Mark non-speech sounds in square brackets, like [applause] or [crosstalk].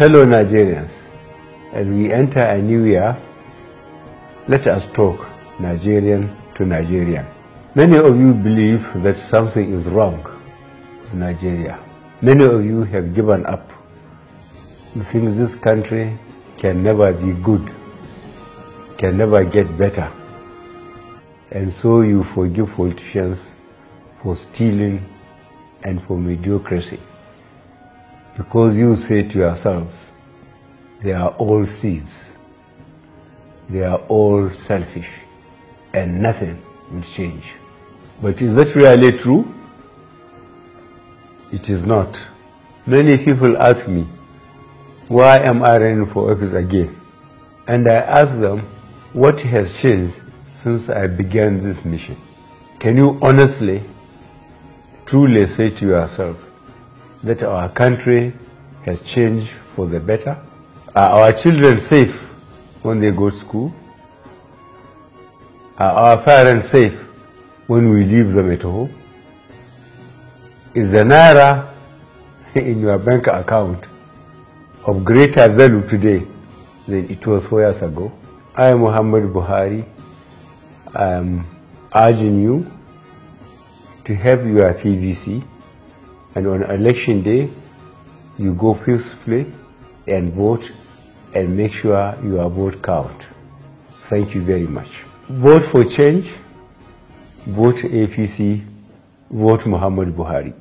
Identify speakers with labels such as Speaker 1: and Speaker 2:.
Speaker 1: fellow Nigerians, as we enter a new year, let us talk Nigerian to Nigerian. Many of you believe that something is wrong with Nigeria. Many of you have given up. You think this country can never be good, can never get better. And so you forgive politicians for stealing and for mediocrity. Because you say to yourselves, they are all thieves, they are all selfish, and nothing will change. But is that really true? It is not. Many people ask me, why am I running for office again? And I ask them, what has changed since I began this mission? Can you honestly, truly say to yourself, that our country has changed for the better. Are our children safe when they go to school? Are our parents safe when we leave them at home? Is the Naira [laughs] in your bank account of greater value today than it was four years ago? I am Muhammad Buhari. I am urging you to help your PVC and on election day, you go peacefully and vote and make sure your vote count. Thank you very much. Vote for change, vote APC, vote Muhammad Buhari.